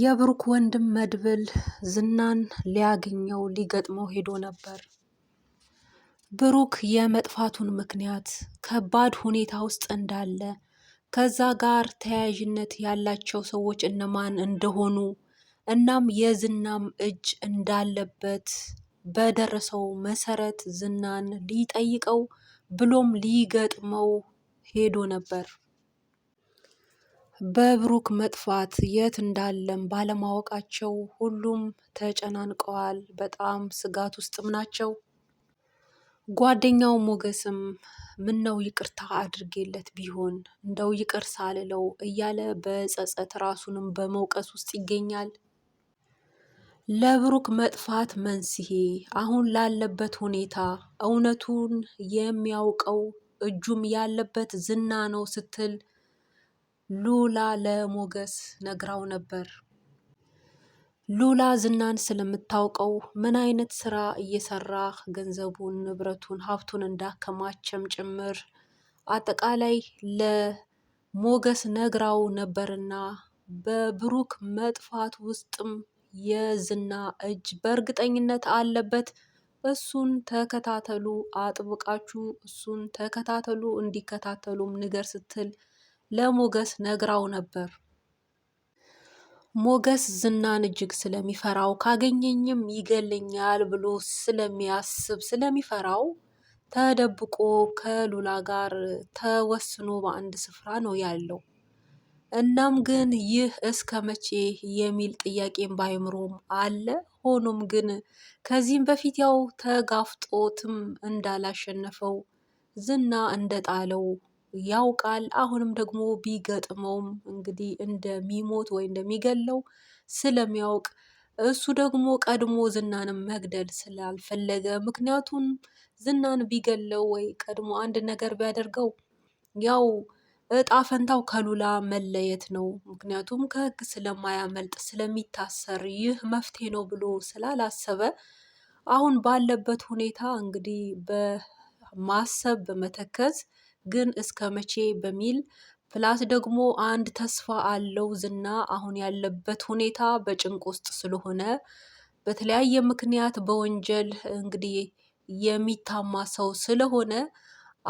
የብሩክ ወንድም መድብል ዝናን ሊያገኘው ሊገጥመው ሄዶ ነበር። ብሩክ የመጥፋቱን ምክንያት ከባድ ሁኔታ ውስጥ እንዳለ ከዛ ጋር ተያያዥነት ያላቸው ሰዎች እነማን እንደሆኑ እናም የዝናም እጅ እንዳለበት በደረሰው መሰረት ዝናን ሊጠይቀው ብሎም ሊገጥመው ሄዶ ነበር። በብሩክ መጥፋት የት እንዳለም ባለማወቃቸው ሁሉም ተጨናንቀዋል። በጣም ስጋት ውስጥም ናቸው። ጓደኛው ሞገስም ምነው ይቅርታ አድርጌለት ቢሆን እንደው ይቅር ሳልለው እያለ በጸጸት ራሱንም በመውቀስ ውስጥ ይገኛል። ለብሩክ መጥፋት መንስኤ አሁን ላለበት ሁኔታ እውነቱን የሚያውቀው እጁም ያለበት ዝና ነው ስትል ሉላ ለሞገስ ነግራው ነበር። ሉላ ዝናን ስለምታውቀው ምን አይነት ስራ እየሰራ ገንዘቡን፣ ንብረቱን፣ ሀብቱን እንዳከማቸም ጭምር አጠቃላይ ለሞገስ ነግራው ነበርና በብሩክ መጥፋት ውስጥም የዝና እጅ በእርግጠኝነት አለበት። እሱን ተከታተሉ፣ አጥብቃችሁ እሱን ተከታተሉ፣ እንዲከታተሉም ንገር ስትል ለሞገስ ነግራው ነበር። ሞገስ ዝናን እጅግ ስለሚፈራው ካገኘኝም ይገለኛል ብሎ ስለሚያስብ ስለሚፈራው ተደብቆ ከሉላ ጋር ተወስኖ በአንድ ስፍራ ነው ያለው። እናም ግን ይህ እስከ መቼ የሚል ጥያቄም ባይምሮም አለ። ሆኖም ግን ከዚህም በፊት ያው ተጋፍጦትም እንዳላሸነፈው ዝና እንደጣለው ያውቃል። አሁንም ደግሞ ቢገጥመውም እንግዲህ እንደሚሞት ወይ እንደሚገለው ስለሚያውቅ እሱ ደግሞ ቀድሞ ዝናንም መግደል ስላልፈለገ ምክንያቱም ዝናን ቢገለው ወይ ቀድሞ አንድ ነገር ቢያደርገው ያው እጣ ፈንታው ከሉላ መለየት ነው። ምክንያቱም ከህግ ስለማያመልጥ ስለሚታሰር ይህ መፍትሄ ነው ብሎ ስላላሰበ አሁን ባለበት ሁኔታ እንግዲህ በማሰብ በመተከዝ ግን እስከ መቼ በሚል ፕላስ ደግሞ አንድ ተስፋ አለው ዝና አሁን ያለበት ሁኔታ በጭንቅ ውስጥ ስለሆነ በተለያየ ምክንያት በወንጀል እንግዲህ የሚታማ ሰው ስለሆነ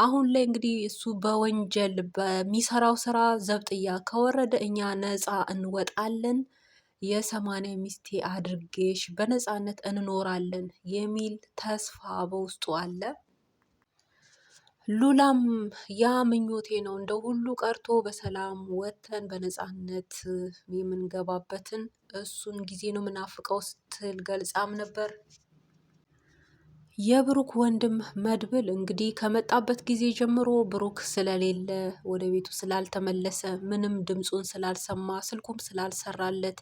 አሁን ላይ እንግዲህ እሱ በወንጀል በሚሰራው ስራ ዘብጥያ ከወረደ እኛ ነፃ እንወጣለን፣ የሰማንያ ሚስቴ አድርጌሽ በነፃነት እንኖራለን የሚል ተስፋ በውስጡ አለ። ሉላም ያ ምኞቴ ነው እንደ ሁሉ ቀርቶ በሰላም ወጥተን በነፃነት የምንገባበትን እሱን ጊዜ ነው የምናፍቀው ስትል ገልጻም ነበር። የብሩክ ወንድም መድብል እንግዲህ ከመጣበት ጊዜ ጀምሮ ብሩክ ስለሌለ ወደ ቤቱ ስላልተመለሰ ምንም ድምፁን ስላልሰማ ስልኩም ስላልሰራለት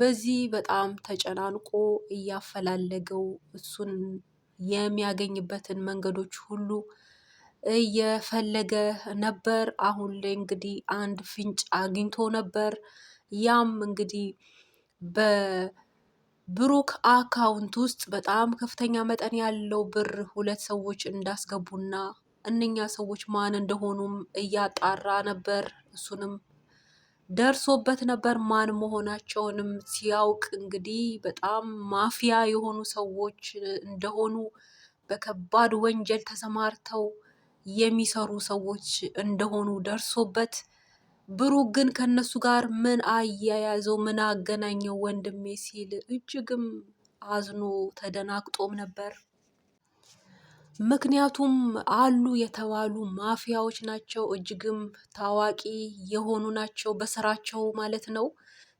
በዚህ በጣም ተጨናንቆ እያፈላለገው እሱን የሚያገኝበትን መንገዶች ሁሉ እየፈለገ ነበር። አሁን ላይ እንግዲህ አንድ ፍንጭ አግኝቶ ነበር። ያም እንግዲህ በብሩክ አካውንት ውስጥ በጣም ከፍተኛ መጠን ያለው ብር ሁለት ሰዎች እንዳስገቡና እነኛ ሰዎች ማን እንደሆኑም እያጣራ ነበር። እሱንም ደርሶበት ነበር። ማን መሆናቸውንም ሲያውቅ እንግዲህ በጣም ማፊያ የሆኑ ሰዎች እንደሆኑ በከባድ ወንጀል ተሰማርተው የሚሰሩ ሰዎች እንደሆኑ ደርሶበት ብሩክ ግን ከነሱ ጋር ምን አያያዘው ምን አገናኘው ወንድሜ ሲል እጅግም አዝኖ ተደናግጦም ነበር። ምክንያቱም አሉ የተባሉ ማፊያዎች ናቸው፣ እጅግም ታዋቂ የሆኑ ናቸው በስራቸው ማለት ነው።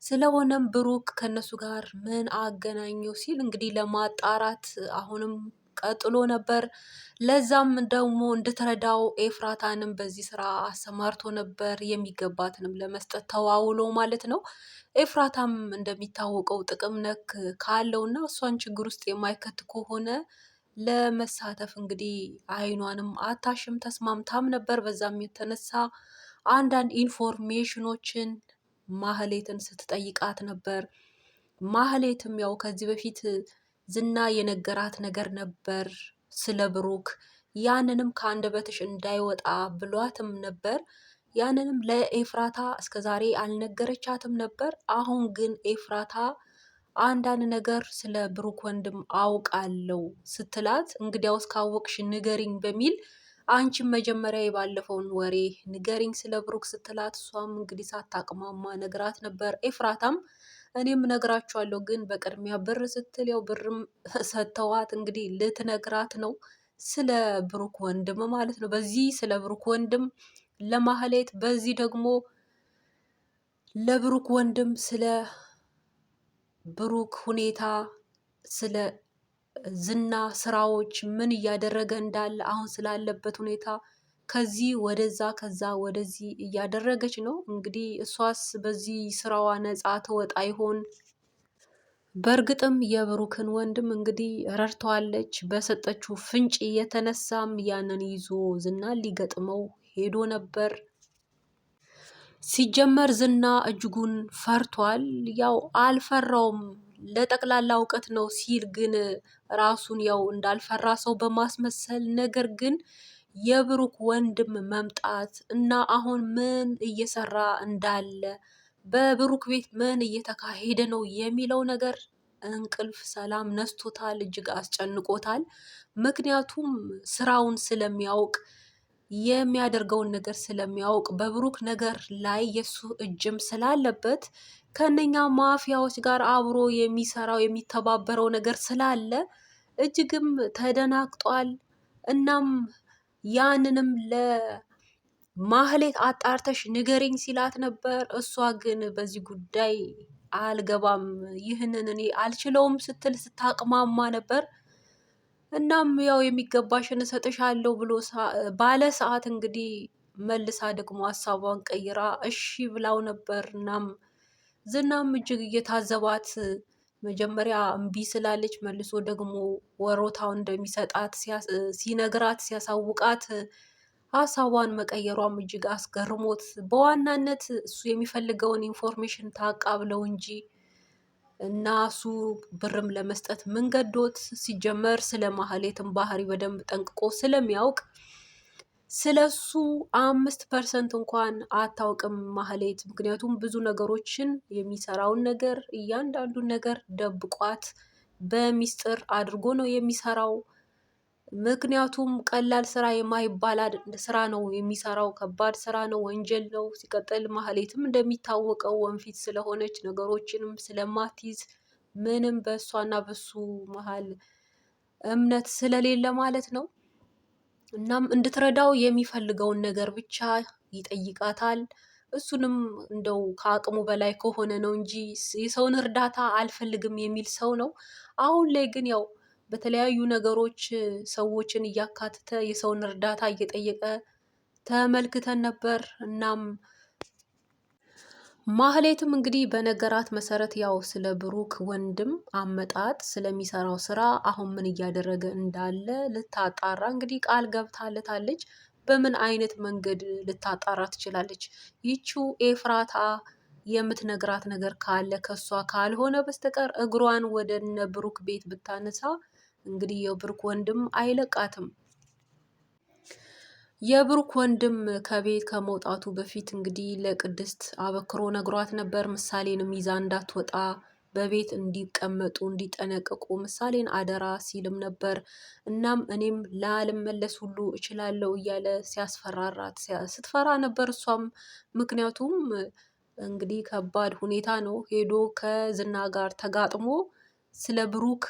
ስለሆነም ብሩክ ከነሱ ጋር ምን አገናኘው ሲል እንግዲህ ለማጣራት አሁንም ቀጥሎ ነበር። ለዛም ደግሞ እንድትረዳው ኤፍራታንም በዚህ ስራ አሰማርቶ ነበር፣ የሚገባትንም ለመስጠት ተዋውሎ ማለት ነው። ኤፍራታም እንደሚታወቀው ጥቅም ነክ ካለው እና እሷን ችግር ውስጥ የማይከት ከሆነ ለመሳተፍ እንግዲህ አይኗንም አታሽም ተስማምታም ነበር። በዛም የተነሳ አንዳንድ ኢንፎርሜሽኖችን ማህሌትን ስትጠይቃት ነበር። ማህሌትም ያው ከዚህ በፊት ዝና የነገራት ነገር ነበር ስለ ብሩክ። ያንንም ከአንደበትሽ እንዳይወጣ ብሏትም ነበር። ያንንም ለኤፍራታ እስከዛሬ አልነገረቻትም ነበር። አሁን ግን ኤፍራታ አንዳንድ ነገር ስለ ብሩክ ወንድም አውቃለው ስትላት እንግዲያውስ ካወቅሽ ንገሪኝ በሚል አንቺም መጀመሪያ የባለፈውን ወሬ ንገሪኝ ስለ ብሩክ ስትላት እሷም እንግዲህ ሳታቅማማ ነግራት ነበር። ኤፍራታም እኔም እነግራችኋለሁ። ግን በቅድሚያ ብር ስትል ያው ብርም ሰጥተዋት እንግዲህ ልትነግራት ነው ስለ ብሩክ ወንድም ማለት ነው። በዚህ ስለ ብሩክ ወንድም ለማህሌት፣ በዚህ ደግሞ ለብሩክ ወንድም ስለ ብሩክ ሁኔታ ስለ ዝና ስራዎች ምን እያደረገ እንዳለ አሁን ስላለበት ሁኔታ ከዚህ ወደዛ ከዛ ወደዚህ እያደረገች ነው። እንግዲህ እሷስ በዚህ ስራዋ ነፃ ትወጣ ይሆን? በእርግጥም የብሩክን ወንድም እንግዲህ ረድተዋለች። በሰጠችው ፍንጭ የተነሳም ያንን ይዞ ዝና ሊገጥመው ሄዶ ነበር። ሲጀመር ዝና እጅጉን ፈርቷል። ያው አልፈራውም ለጠቅላላ እውቀት ነው ሲል ግን ራሱን ያው እንዳልፈራ ሰው በማስመሰል ነገር ግን የብሩክ ወንድም መምጣት እና አሁን ምን እየሰራ እንዳለ በብሩክ ቤት ምን እየተካሄደ ነው የሚለው ነገር እንቅልፍ ሰላም ነስቶታል፣ እጅግ አስጨንቆታል። ምክንያቱም ስራውን ስለሚያውቅ የሚያደርገውን ነገር ስለሚያውቅ በብሩክ ነገር ላይ የእሱ እጅም ስላለበት ከእነኛ ማፊያዎች ጋር አብሮ የሚሰራው የሚተባበረው ነገር ስላለ እጅግም ተደናግጧል። እናም ያንንም ለማህሌት አጣርተሽ ንገሪኝ ሲላት ነበር። እሷ ግን በዚህ ጉዳይ አልገባም፣ ይህንን እኔ አልችለውም ስትል ስታቅማማ ነበር። እናም ያው የሚገባሽን እሰጥሻለሁ ብሎ ባለ ሰዓት እንግዲህ መልሳ ደግሞ ሀሳቧን ቀይራ እሺ ብላው ነበር። እናም ዝናም እጅግ እየታዘባት መጀመሪያ እምቢ ስላለች መልሶ ደግሞ ወሮታው እንደሚሰጣት ሲነግራት ሲያሳውቃት ሀሳቧን መቀየሯም እጅግ አስገርሞት በዋናነት እሱ የሚፈልገውን ኢንፎርሜሽን ታቃብለው እንጂ እና እሱ ብርም ለመስጠት መንገዶት ሲጀመር ስለ ማህሌትን ባህሪ በደንብ ጠንቅቆ ስለሚያውቅ ስለሱ አምስት ፐርሰንት እንኳን አታውቅም ማህሌት። ምክንያቱም ብዙ ነገሮችን የሚሰራውን ነገር እያንዳንዱን ነገር ደብቋት በሚስጥር አድርጎ ነው የሚሰራው። ምክንያቱም ቀላል ስራ የማይባል ስራ ነው የሚሰራው። ከባድ ስራ ነው፣ ወንጀል ነው። ሲቀጥል ማህሌትም እንደሚታወቀው ወንፊት ስለሆነች ነገሮችንም ስለማትይዝ ምንም በእሷና በሱ መሀል እምነት ስለሌለ ማለት ነው እናም እንድትረዳው የሚፈልገውን ነገር ብቻ ይጠይቃታል። እሱንም እንደው ከአቅሙ በላይ ከሆነ ነው እንጂ የሰውን እርዳታ አልፈልግም የሚል ሰው ነው። አሁን ላይ ግን ያው በተለያዩ ነገሮች ሰዎችን እያካተተ የሰውን እርዳታ እየጠየቀ ተመልክተን ነበር እናም ማህሌትም እንግዲህ በነገራት መሰረት ያው ስለ ብሩክ ወንድም አመጣጥ ስለሚሰራው ስራ አሁን ምን እያደረገ እንዳለ ልታጣራ እንግዲህ ቃል ገብታለታለች። በምን አይነት መንገድ ልታጣራ ትችላለች? ይቺው ኤፍራታ የምትነግራት ነገር ካለ ከሷ ካልሆነ በስተቀር እግሯን ወደ እነ ብሩክ ቤት ብታነሳ እንግዲህ የብሩክ ወንድም አይለቃትም። የብሩክ ወንድም ከቤት ከመውጣቱ በፊት እንግዲህ ለቅድስት አበክሮ ነግሯት ነበር። ምሳሌንም ይዛ እንዳትወጣ በቤት እንዲቀመጡ እንዲጠነቀቁ ምሳሌን አደራ ሲልም ነበር። እናም እኔም ላልመለስ ሁሉ እችላለሁ እያለ ሲያስፈራራት ስትፈራ ነበር እሷም። ምክንያቱም እንግዲህ ከባድ ሁኔታ ነው። ሄዶ ከዝና ጋር ተጋጥሞ ስለ ብሩክ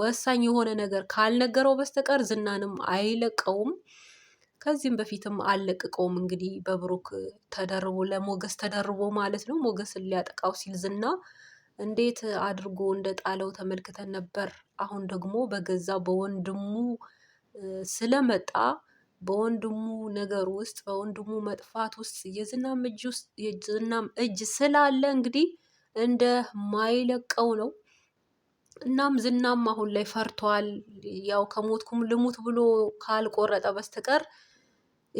ወሳኝ የሆነ ነገር ካልነገረው በስተቀር ዝናንም አይለቀውም። ከዚህም በፊትም አለቅቀውም እንግዲህ በብሩክ ተደርቦ ለሞገስ ተደርቦ ማለት ነው። ሞገስን ሊያጠቃው ሲል ዝና እንዴት አድርጎ እንደ ጣለው ተመልክተን ነበር። አሁን ደግሞ በገዛ በወንድሙ ስለመጣ በወንድሙ ነገር ውስጥ በወንድሙ መጥፋት ውስጥ የዝናም እጅ ውስጥ የዝናም እጅ ስላለ እንግዲህ እንደ ማይለቀው ነው። እናም ዝናም አሁን ላይ ፈርቷል። ያው ከሞትኩም ልሙት ብሎ ካልቆረጠ በስተቀር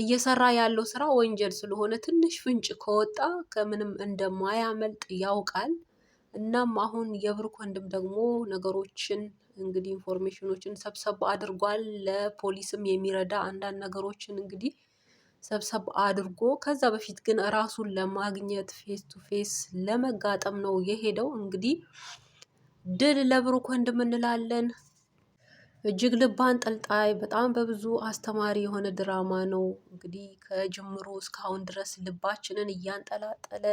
እየሰራ ያለው ስራ ወንጀል ስለሆነ ትንሽ ፍንጭ ከወጣ ከምንም እንደማያመልጥ ያውቃል። እናም አሁን የብሩክ ወንድም ደግሞ ነገሮችን እንግዲህ ኢንፎርሜሽኖችን ሰብሰብ አድርጓል። ለፖሊስም የሚረዳ አንዳንድ ነገሮችን እንግዲህ ሰብሰብ አድርጎ ከዛ በፊት ግን ራሱን ለማግኘት ፌስ ቱ ፌስ ለመጋጠም ነው የሄደው። እንግዲህ ድል ለብሩክ ወንድም እንላለን። እጅግ ልብ አንጠልጣይ በጣም በብዙ አስተማሪ የሆነ ድራማ ነው። እንግዲህ ከጅምሩ እስካሁን ድረስ ልባችንን እያንጠላጠለ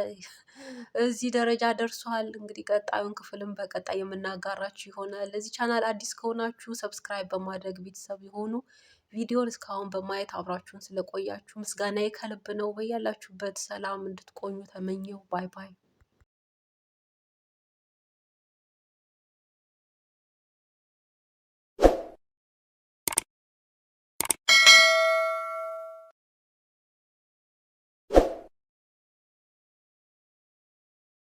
እዚህ ደረጃ ደርሷል። እንግዲህ ቀጣዩን ክፍልም በቀጣይ የምናጋራችሁ ይሆናል። ለዚህ ቻናል አዲስ ከሆናችሁ ሰብስክራይብ በማድረግ ቤተሰብ የሆኑ ቪዲዮን እስካሁን በማየት አብራችሁን ስለቆያችሁ ምስጋናዬ ከልብ ነው። በያላችሁበት ሰላም እንድትቆኙ ተመኘው። ባይ ባይ።